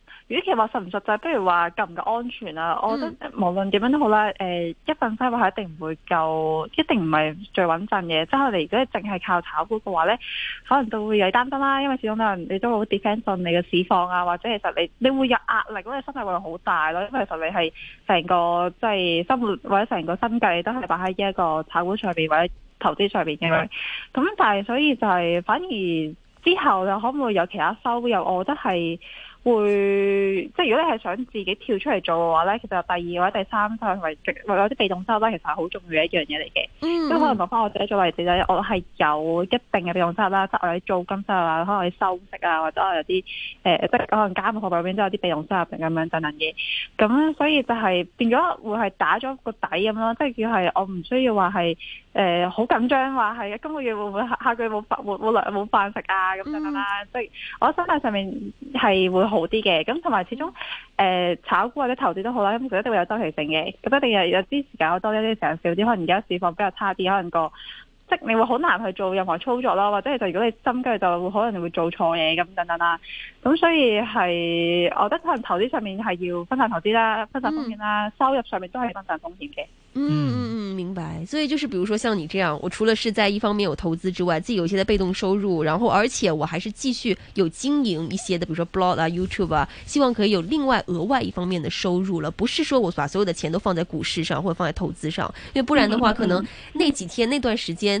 與其話實唔實際，不如話夠唔夠安全啊，嗯、我覺得無論點樣都好啦，誒、呃，一份生活係一定唔會夠，一定唔係最穩陣嘅。即係你如果淨係靠炒股嘅話咧，可能都會有擔心啦。因為始終可能你都好 defend 你嘅市況啊，或者其實你你會有壓力，因為生活壓力好大咯。因為其實你係成個即係、就是、生活或者成個生計都係擺喺呢一個炒股上邊或者投資上邊嘅。咁、嗯、但係所以就係、是、反而之後又可唔會有其他收入？我覺得係。會即係如果你係想自己跳出嚟做嘅話咧，其實第二或者第三晒、mm hmm. 為有啲被動收入，其實係好重要嘅一樣嘢嚟嘅。即係可能講翻我自己做例子就我係有一定嘅被動收入啦，即係我喺租金收入啦，可能係收息啊，或者係有啲誒即係可能加密貨幣入邊都有啲被動收入咁樣等等嘅。咁所以就係、是、變咗會係打咗個底咁咯，即係要係我唔需要話係誒好緊張話係今個月會唔會下個月冇飯冇冇冇飯食啊咁等等啦。即係、mm hmm. 我心態上面係會。好啲嘅，咁同埋始終誒炒股或者投資都好啦，咁就一定會有周期性嘅，咁一定有有啲時間多啲，有啲時間少啲，可能而家市況比較差啲，可能個。即你會好難去做任何操作啦，或者係就如果你心計就可能你會做錯嘢咁等等啦。咁所以係，我覺得可能投資上面係要分散投資啦，分散風險啦。嗯、收入上面都係分散風險嘅、嗯。嗯嗯嗯，明白。所以就是，比如說像你這樣，我除了是在一方面有投資之外，自己有一些的被動收入，然後而且我還是繼續有經營一些的，比如說 blog 啊、YouTube 啊，希望可以有另外額外一方面的收入了，不是說我把所有的錢都放在股市上或者放在投資上，因為不然的話，嗯嗯、可能那幾天那段時間。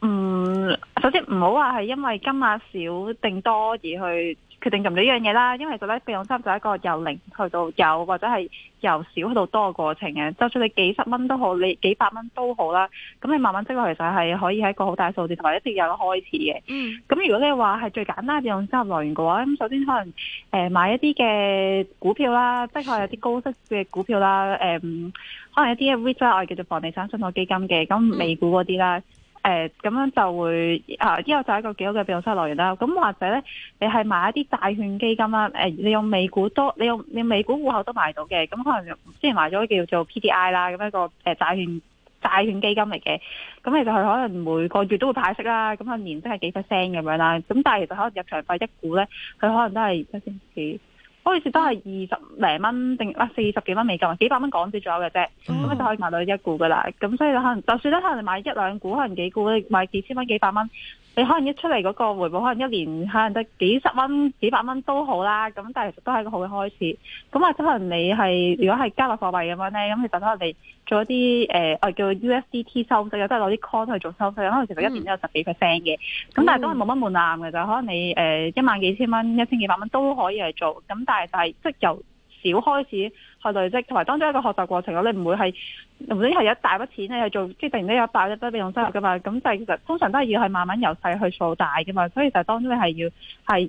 嗯，首先唔好話係因為金額少定多而去決定做唔到呢樣嘢啦，因為覺、就、得、是、備用金就係一個由零去到有，或者係由少去到多嘅過程嘅，就算你幾十蚊都好，你幾百蚊都好啦，咁你慢慢積累其實係可以係一個好大數字同埋一定有得開始嘅。嗯，咁如果你話係最簡單嘅備用金來源嘅話，咁首先可能誒、呃、買一啲嘅股票啦，即係有啲高息嘅股票啦，誒、呃，可能一啲嘅 REITs，我哋叫做房地產信託基金嘅，咁美股嗰啲啦。嗯誒咁、欸、樣就會啊，之後就係一個幾好嘅被動收入來源啦。咁或者咧，你係買一啲債券基金啦。誒、欸，你用美股多，你用你美股戶口都買到嘅。咁可能之前買咗叫做 PDI 啦，咁一個誒、欸、債券債券基金嚟嘅。咁其實佢可能每個月都會派息啦。咁佢年都係幾 percent 咁樣啦。咁但係其實可能入場費一股咧，佢可能都係即係先，先好似都係二十零蚊定啊四十幾蚊美金，幾百蚊港紙左右嘅啫，咁、嗯、就可以買到一股噶啦。咁所以可能就算咧，可能買一兩股，可能幾股，買幾千蚊幾百蚊。你可能一出嚟嗰個回報，可能一年可能得幾十蚊、幾百蚊都好啦。咁但係其實都係一個好嘅開始。咁啊，即係可能你係如果係加密貨幣咁樣咧，咁其實可能你做一啲誒，我、呃、哋叫 USDT 收息，即係攞啲 coin 去做收費，可能其實一年有、嗯、都有十幾 percent 嘅。咁但係都係冇乜門檻嘅就可能你誒、呃、一萬幾千蚊、一千幾百蚊都可以去做。咁但係就係、是、即係由少開始去累積，同埋當中一個學習過程咯。你唔會係唔會係一大筆錢咧，你去做即係突然之間有一大筆備用收入噶嘛。咁但係其實通常都係要係慢慢由細去做大噶嘛，所以就當中你係要係。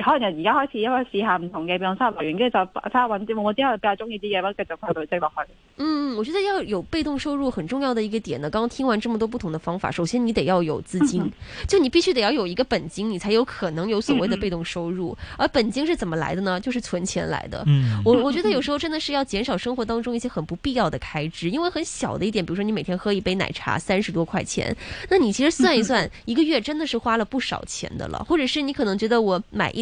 可能而家開始試下唔同嘅就完之後，我之後比較中意啲嘢，咁繼續落去。嗯，我覺得要有被動收入很重要的一個點呢。剛剛聽完這麼多不同的方法，首先你得要有資金， 就你必須得要有一個本金，你才有可能有所謂的被動收入。 而本金是怎麼來的呢？就是存錢來的。 我我覺得有時候真的是要減少生活當中一些很不必要的開支，因為很小的一點，比如說你每天喝一杯奶茶三十多塊錢，那你其實算一算 一個月真的是花了不少錢的了。或者是你可能覺得我買一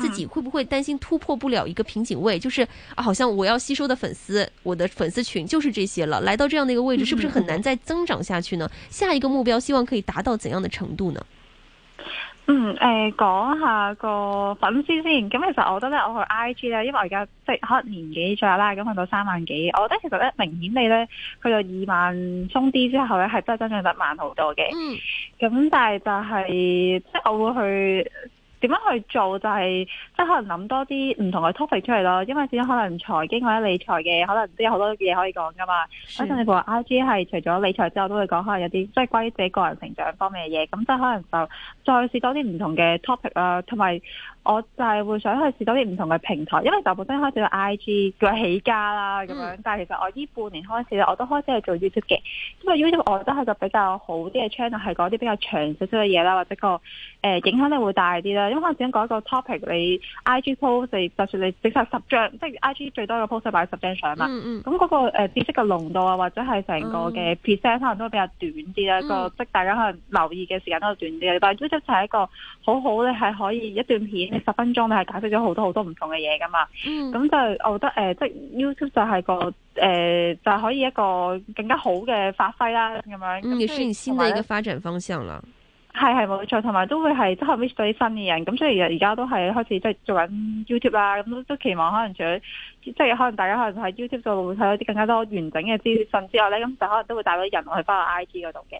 自己會不會擔心突破不了一個瓶頸位？就是，好像我要吸收的粉絲，我的粉絲群就是這些了，來到這樣的一個位置，是不是很難再增長下去呢？下一個目標希望可以達到怎樣的程度呢？嗯，誒、呃，講一下個粉絲先，咁、嗯、其實我覺得呢我去 I G 咧，因為我而家即係可能年幾左右啦，咁去到三萬幾，嗯、我覺得其實咧明顯你咧去到二萬鬆啲之後咧，係真係增長得慢好多嘅。嗯，咁、嗯嗯、但係就係、是，即係我會去。點樣去做就係，即係可能諗多啲唔同嘅 topic 出嚟咯，因為始終可能財經或者理財嘅，可能都有好多嘢可以講噶嘛。相信你個，IG 係除咗理財之後，都會講可能有啲即係關於自己個人成長方面嘅嘢，咁即係可能就再試多啲唔同嘅 topic 啦，同埋，我就係會想去試多啲唔同嘅平台，因為就本身開始喺 IG 嘅起家啦咁樣。嗯、但其實我呢半年開始咧，我都開始去做 YouTube 嘅，因為 YouTube 我覺得係個比較好啲嘅 channel，係講啲比較長少少嘅嘢啦，或者個、呃、影響力會大啲啦。因為我只想講個 topic，你 IG post 就算你整曬十張，即係 IG 最多嘅 post 擺十張相啦。咁嗰、嗯嗯那個、呃、知識嘅濃度啊，或者係成個嘅 percent 可能都比較短啲啦。嗯那個即係大家可能留意嘅時間都係短啲嘅。嗯、但係 YouTube 就係一個好好咧，係可以一段片。你十分鐘，你係解釋咗好多好多唔同嘅嘢噶嘛？咁、嗯、就我覺得誒，即係 YouTube 就係個誒，就係、是呃就是，可以一個更加好嘅發揮啦咁樣。嗯，也、就是新嘅、嗯、一個發展方向啦。係係冇錯，同埋都會係都係 reach 到啲新嘅人。咁所以而家都係開始即係做緊 YouTube 啦。咁都期望可能除咗即係可能大家可能喺 YouTube 度會睇到啲更加多完整嘅資訊之外咧，咁 就可能都會帶到人去翻 IG 嗰度嘅。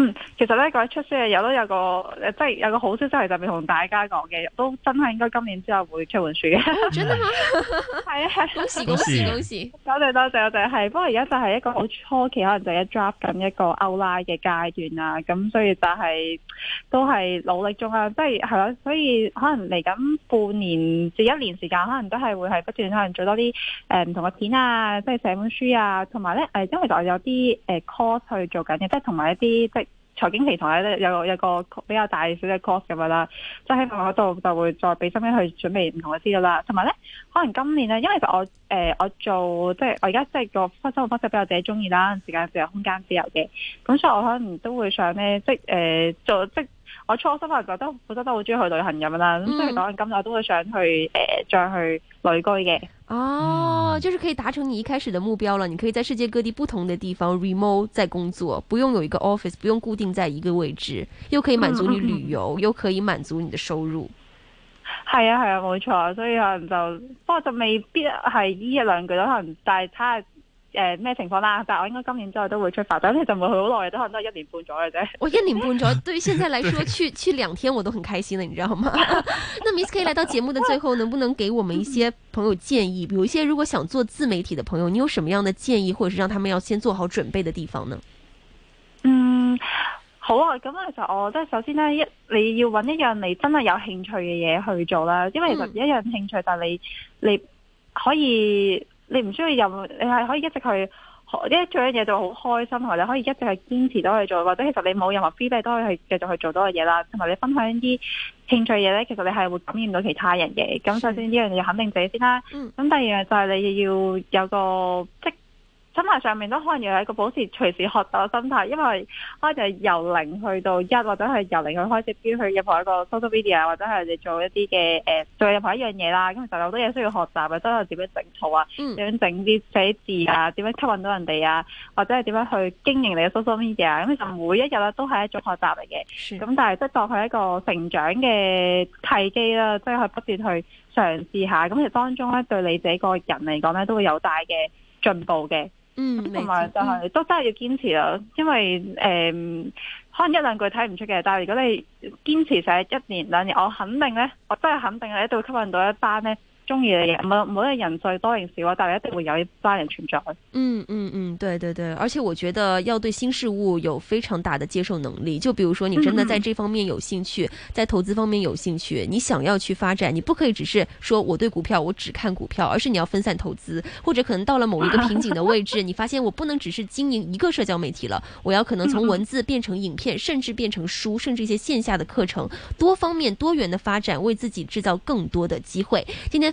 嗯，其實咧，講出書有都有個，即係有個好消息係特別同大家講嘅，都真係應該今年之後會出本書嘅，係啊 的，好事好事好事，事，事，多 謝多謝多謝，係。不過而家就係一個好初期，可能就係 draft 緊一個 outline 嘅階段啊，咁所以就係、是、都係努力中啊，即係係啦，所以可能嚟緊半年至一年時間，可能都係會係不斷可能做多啲誒唔同嘅片啊，即、就、係、是、寫本書啊，同埋咧誒，因為就有啲誒 course 去做緊嘅、就是，即係同埋一啲即財經平台咧有有個比較大小嘅 course 咁樣啦，即係希望嗰度就會再俾心機去準備唔同嘅資料啦。同埋咧，可能今年咧，因為其實我誒、呃、我做即係我而家即係個生活方式比較自己中意啦，時間自由、空間自由嘅，咁所以我可能都會想咧，即係誒、呃、做即。我初心可能覺得好多都好中意去旅行咁樣啦，咁所以講緊今次我都會想去誒、呃，再去旅居嘅。哦、啊，就是可以達成你一開始的目標啦。你可以在世界各地不同的地方 remote 在工作，不用有一個 office，不用固定在一個位置，又可以滿足你旅遊，嗯、又可以滿足你的收入。係啊係啊，冇、啊、錯，所以可能就不過就未必係呢一兩句都可能，但係睇下。誒，咩、呃、情況啦？但我應該今年之後都會出發，但係就唔會去好耐，都可能都係一年半左右嘅啫。我、哦、一年半左右，對於現在來說， 對 去去兩天我都很開心啦，你知道嗎？ 那麼 Miss K 來到節目的最後， 能不能給我們一些朋友建議？嗯、有一些如果想做自媒體的朋友，你有什麼樣的建議，或者是讓他們要先做好準備的地方呢？嗯，好啊，咁啊，其實我覺得首先呢，一你要揾一樣你真係有興趣嘅嘢去做啦，因為其實一樣興趣就，但係你你可以。你唔需要任何，你係可以一直去學，一做一嘢就好開心。或者可以一直去堅持到去做，或者其實你冇任何 feedback，都可以去繼續去做多嘅嘢啦。同埋你分享啲興趣嘢咧，其實你係會感染到其他人嘅。咁首先呢樣嘢肯定自己先啦。咁第二樣就係你要有個、嗯、即。心態上面都可能要有一個保持隨時學習嘅心態，因為可能就係由零去到一，或者係由零去開始邊去任何一個 social media，或者係你做一啲嘅誒，做任何一樣嘢啦。咁其實好多嘢需要學習啊，真係點樣整圖啊，點樣整啲寫字啊，點樣吸引到人哋啊，或者係點樣去經營你嘅 social media。咁其實每一日咧都係一種學習嚟嘅，咁的但係即係當佢一個成長嘅契機啦，即係不斷去嘗試下。咁其實當中咧對你自己個人嚟講咧都會有大嘅進步嘅。嗯，同埋就係都真係要堅持啦，因為、呃、可能一兩句睇唔出嘅，但係如果你堅持成一年兩年，我肯定咧，我都係肯定喺度吸引到一班咧。中意嘅嘢冇，冇一個人再多人少，但係一定會有一班人存在。嗯嗯嗯，對對對，而且我覺得要對新事物有非常大的接受能力。就比如說你真的在這方面有興趣， 在投資方面有興趣，你想要去發展，你不可以只是說我對股票我只看股票，而是你要分散投資。或者可能到了某一個瓶頸的位置， 你發現我不能只是經營一個社交媒體了，我要可能從文字變成影片，甚至變成書，甚至一些線下的課程，多方面多元的發展，為自己製造更多的機會。今天。